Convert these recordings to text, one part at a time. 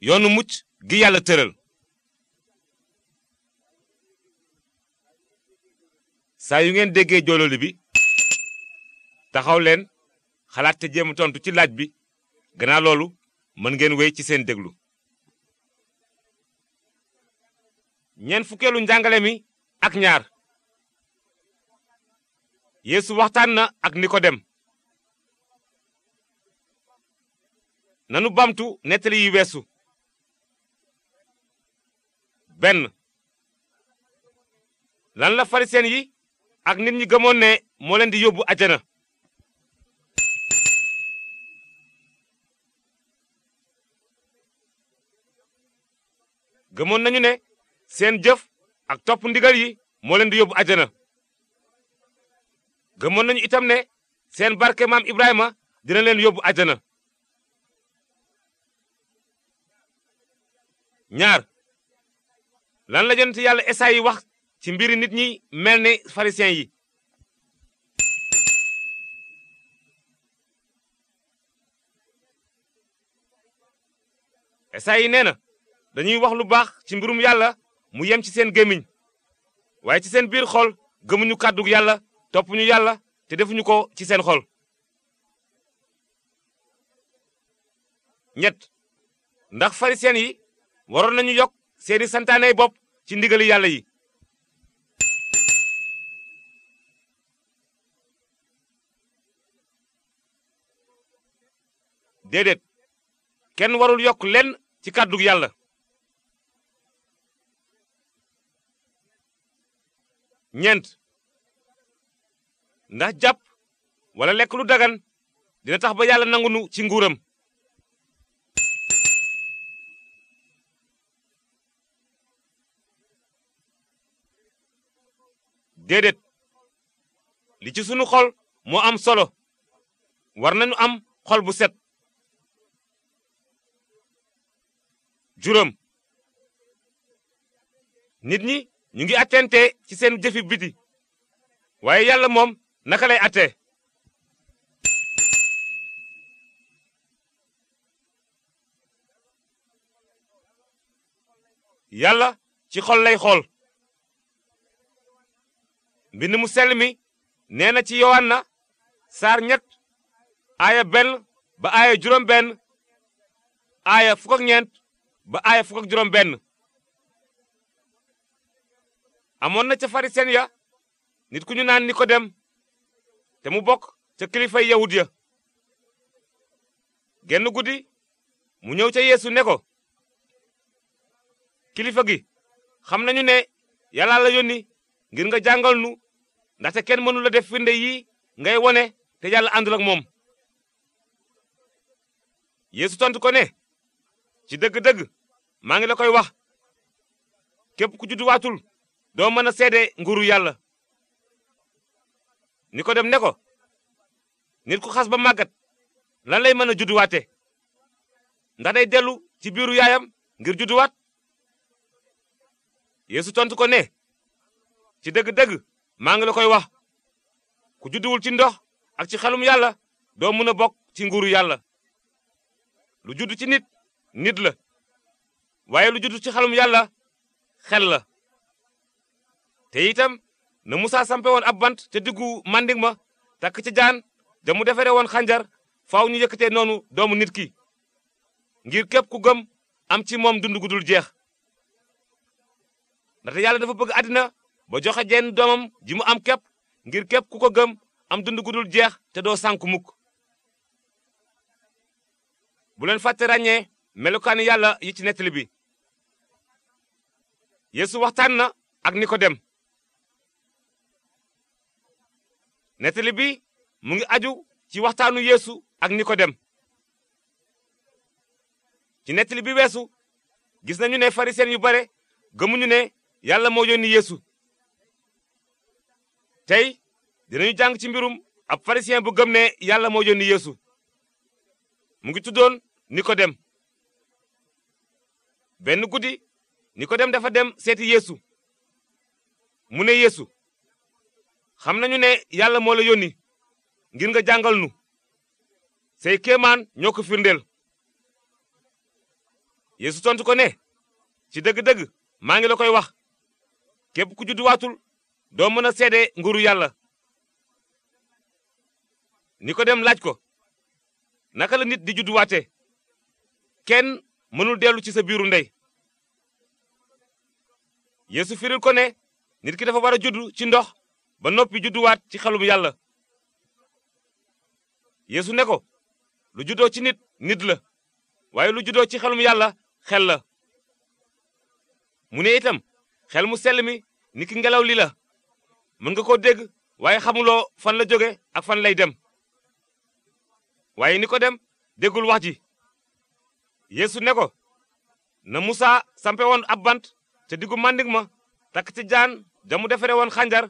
yoonu mucc gi yàlla tëral saa yu ngeen déggee joololi bi taxaw leen xalaat te jéem tontu ci laaj bi gannaaw loolu mën ngeen wéy ci seen déglu ñeent fukkeelu njàngale mi ak ñaar yéesu waxtaan na ak nikodem nanu bamtu nettali yi weesu benn lan la farisen yi ak nit ñi gëmoon ne moo leen di yóbbu ajana gëmoon nañu ne seen jëf ak topp ndigal yi moo leen di yóbbu ajana gëmoon nañu itam ne seen barke maam Ibrahima dina leen yóbbu ajana ñaar lan la yonent yàlla esaay yi wax ci mbiri nit ñi mel ni pharisiens yi esaay yi nee na dañuy wax lu baax ci mbirum yàlla mu yem ci seen gémmiñ waaye ci seen biir xol gëmuñu kàddug yàlla toppuñu yàlla te defuñu ko ci seen xol ñett ndax pharisiens yi waroon nañu yokk seeni santaaney bopp ci ndigali yàlla yi déedéet kenn warul yokk lenn ci kàddug yàlla ñeent ndax jàpp walla lekk lu dagan dina tax ba yàlla nangunu ci nguuram déedéet li ci sunu xol moo am solo war nañu am xol bu set juróom nit ñi ñu ngi attente ci seen jëfi biti waaye yàlla moom naka lay attee yàlla ci xol lay xool mbind mu sell mi nee na ci yowanna saar ñett aaya benn ba aaya juróom benn aaya fukk ak ba aaya fukk juróom benn amoon na ca farisen ya nit ku ñu naan nikodem te mu bokk ca kilifay yawut ya genn guddi mu ñëw ca yéesu ne ko kilifa gi xam nañu ne yàlla yónni ngir nga jàngal nu ndaxte kenn mënula la def firnde yi ngay wone te yàlla àndul moom yéesu tontu ko ne ci dëgg-dëgg maa ngi la koy wax képp ku judduwaatul doo mën a seede nguuru yàlla ni ko dem ne ko nit ku xas ba màggat lan lay mën a judduwaate ndax day dellu ci biiru yaayam ngir judduwaat yéesu tontu ko ne ci dëgg-dëgg maa ngi la koy wax ku judduwul ci ndox ak ci xelum yàlla doo mën a bokk ci nguuru yàlla lu judd ci nit nit la waaye lu judd ci xelum yàlla xel la te itam na Musaa sampe woon ab bant ca diggu màndig ma takk ca jaan ja mu defare woon xànjar faaw ñu yëkkatee noonu doomu nit ki ngir képp ku gëm am ci moom dund gu jeex ndaxte yàlla dafa bëgg àddina ba joxe jenn doomam ji mu am képp ngir képp ku ko gëm am dund gu dul jeex te doo sànku mukk bu leen fàtte ràññee melukaani yàlla yi ci nettali bi yeesu waxtaan na ak nikodem nettali bi mu ngi aju ci waxtaanu yéesu ak nikodem ci nettali bi weesu gis nañu ne farisiyen yu bare gëmuñu ne yàlla moo yónni yéesu tey dinañu jàng ci mbirum ab pharisien bu gëm ne yàlla moo yónni yéesu mu ngi tuddoon nikodem benn guddi nikodem dafa dem seeti yéesu mu ne yéesu xam nañu ne yàlla moo la yónni ngir nga jàngal nu say ñoo ko firndeel yeesu tontu ko ne ci dëgg-dëgg maa ngi la wax képp ku judduwaatul doo mën a seede nguuru yàlla ni ko dem laaj ko naka la nit di judduwaate kenn mënul dellu ci sa biiru ndey Yeesu firil ko ne nit ki dafa war a juddu ci ndox ba noppi judduwaat ci xelum yàlla yéesu ne ko lu juddoo ci nit nit la waaye lu juddoo ci xelum yàlla xel la mu ne itam xel mu sell mi niki ngelaw li la mën nga koo dégg waaye xamuloo fan la jóge ak fan lay dem waaye ni ko dem déggul wax ji yéesu ne ko na musa sampe woon ab bant te diggu màndig ma takk ci jaan ja mu defare woon xànjar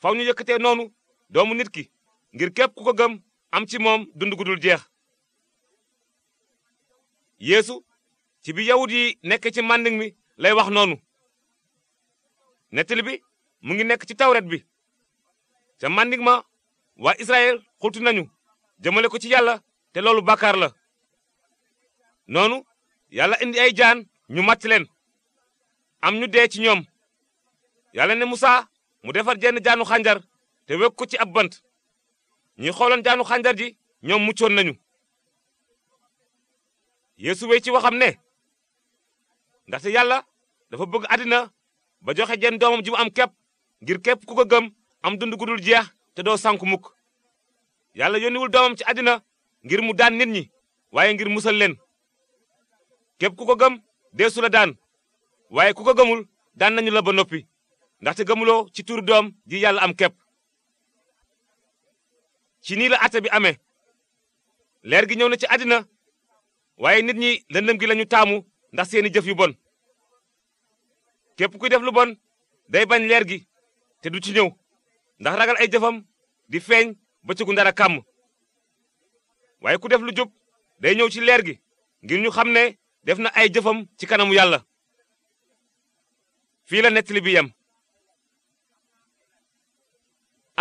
faw ñu yëkkatee noonu doomu nit ki ngir képp ku ko gëm am ci moom dund gudul jeex yéesu ci bi yawut yi nekk ci màndig mi lay wax noonu nettali bi mu ngi nekk ci tawret bi te màndig ma waa Israël xultu nañu jëmale ko ci yàlla te loolu bàkkaar la noonu yàlla indi ay jaan ñu màtt leen am ñu dee ci ñoom yàlla ne musa mu defar jenn jaanu xànjar te wekk ko ci ab bant ñi xooloon jaanu xànjar ji ñoom muccoon nañu yeesu wey ci waxam ne ndaxte yàlla dafa bëgg àddina ba joxe jenn doomam ji am kepp ngir képp ku ko gëm am dund gu dul jeex te doo sànku mukk yàlla yónniwul doomam ci àddina ngir mu daan nit ñi waaye ngir musal leen képp ku ko gëm deesu la daan waaye ku ko gëmul daan nañu la ba noppi ndaxte gëmuloo ci turu doom ji yàlla am képp ci nii la àtte bi amee leer gi ñëw na ci àddina waaye nit ñi lëndëm gi lañu taamu ndax seeni jëf yu bon képp kuy def lu bon day bañ leer gi te du ci ñëw ndax ragal ay jëfam di feeñ bëccëgu ndara kàmm waaye ku def lu jub day ñëw ci leer gi ngir ñu xam ne def na ay jëfam ci kanamu yàlla fii la nettali bi yem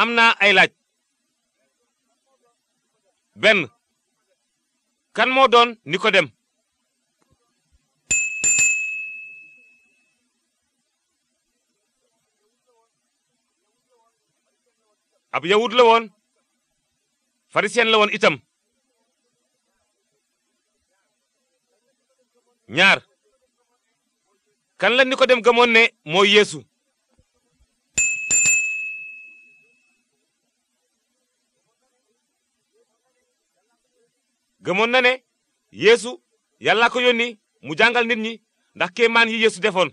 am naa ay laaj benn kan moo doon Nikodem ab yawut la woon pharisien la woon itam ñaar kan la Nikodem gëmoon ne moo yéesu gëmoon na ne yeesu yàllaa ko yónni mu jàngal nit ñi ndax kéemaan yi yéesu defoon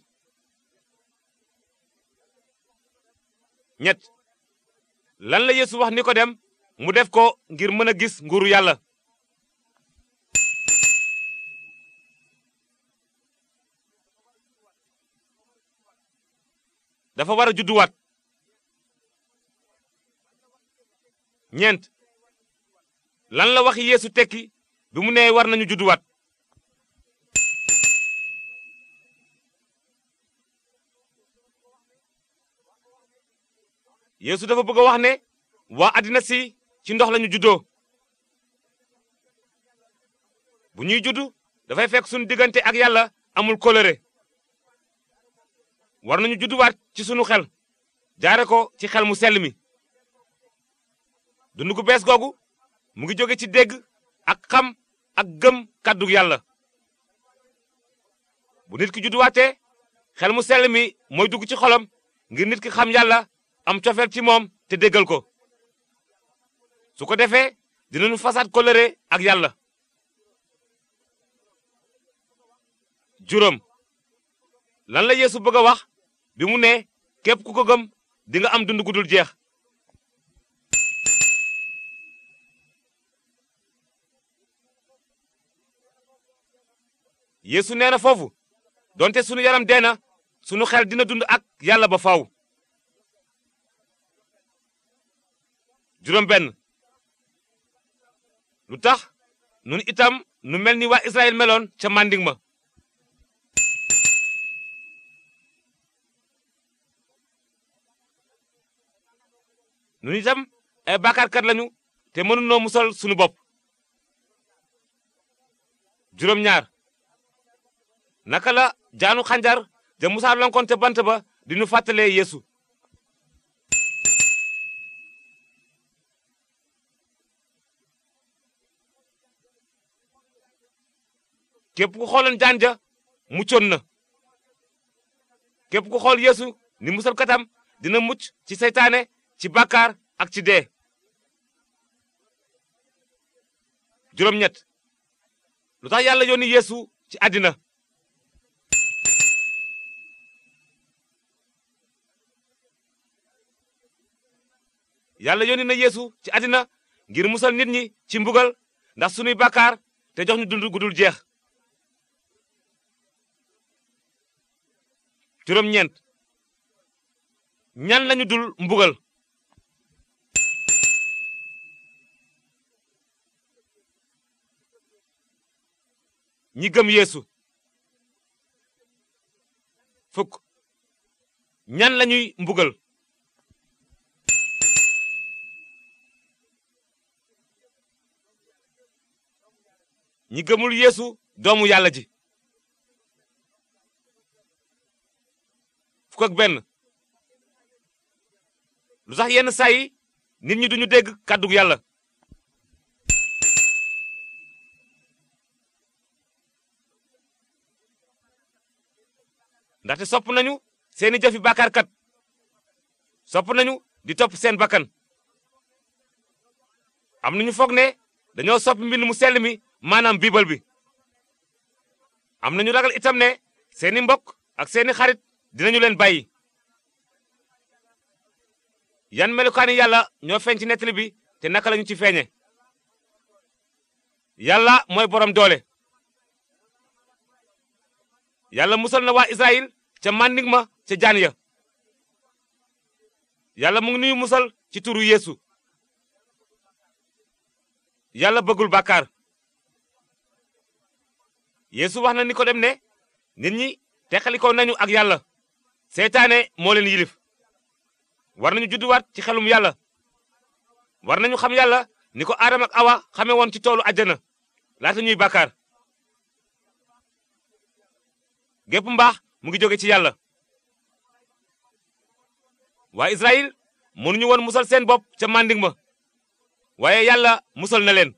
ñett lan la yéesu wax ni ko dem mu def ko ngir mën a gis nguuru yàlla dafa war a judduwaat ñeent lan la wax yéesu tekki bi mu nee war nañu judduwaat yéesu dafa bëgg a wax ne waa àddina si ci ndox lañu juddoo bu ñuy juddu dafay fekk sunu diggante ak yàlla amul kóllëre war nañu judduwaat ci sunu xel jaare ko ci xel mu sell mi dund gu bees googu mu ngi jóge ci dégg ak xam ak gëm kàddug yàlla bu nit ki judduwaatee xel mu sell mi mooy dugg ci xolam ngir nit ki xam yàlla am cofeel ci moom te déggal ko su ko defee dinañu fasaat kolëre ak yàlla juróom lan la yeesu bëgg a wax bi mu ne képp ku ko gëm di am dund gu dul jeex yéesu nee na foofu donte sunu yaram dee na sunu xel dina dund ak yàlla ba faaw juróom-benn lu tax nun itam nu mel ni waa Israël meloon ca màndiŋ ma nun itam ay bàkkaarkat lañu te mënunoo musal sunu bopp juróom-ñaar naka la jaanu xanjar ja musaa lonkoon te bant ba di nu fàttalee yeesu képp ku xooloon jaan ja muccoon na képp ku xool yeesu ni musal katam dina mucc ci seytaane ci bàkkaar ak ci dee juróom-ñett lu tax yàlla yónni yeesu ci àddina yàlla yónni na yeesu ci àddina ngir musal nit ñi ci mbugal ndax sunuy bàkkaar te jox ñu dund gudul jeex juróom-ñeent ñan lañu dul mbugal ñi gëm yeesu fukk ñan lañuy mbugal ñi gëmul yeesu doomu yàlla ji fukk benn lu sax yenn saa nit ñi duñu dégg kàddug yàlla ndaxte sopp nañu seeni jëfi bàkkaarkat sopp nañu di topp seen bakkan am nañu foog ne dañoo sopp mbind mu sell mi maanaam biibal bi am nañu ragal itam ne seeni mbokk ak seeni xarit dinañu leen bàyyi yan melukaani yàlla ñoo feeñ ci nettali bi te naka lañu ci feeñe yàlla mooy borom doole yàlla musal na waa Israyil ca màndig ma ca jaan ya yàlla mu ngi musal ci turu yéesu yàlla bëggul bàkkaar yeesu wax na dem ne nit ñi teqalikoo nañu ak yàlla seytaane moo leen yilif war nañu judduwaat ci xelum yàlla war nañu xam yàlla ni ko aadam awa xame woon ci toolu àjjana laata ñuy bàkkaar gépp mbaax mu ngi jóge ci yàlla waa israyil mënuñu woon musal seen bopp ca màndig ma waaye yàlla musal na leen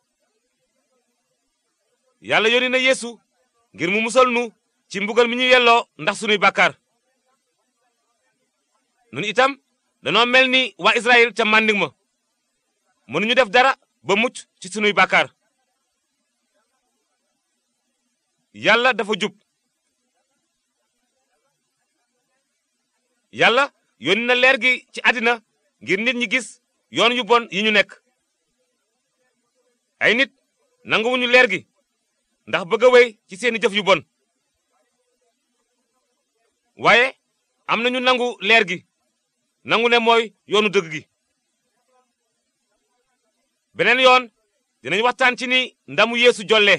yàlla yónni na yeesu ngir mu musal nu ci mbugal mi ñu yelloo ndax sunuy bàkkaar nun itam danoo mel ni waa Israël ca màndig ma mënuñu def dara ba mucc ci sunuy bàkkaar yàlla dafa jub yàlla yónni na leer gi ci àddina ngir nit ñi gis yoon yu bon yi ñu nekk ay nit nanguwuñu leer gi ndax bëgg a wéy ci seeni jëf yu bon waaye am nañu nangu leer gi nangu ne mooy yoonu dëgg gi beneen yoon dinañ waxtaan ci ni ndamu yéesu jole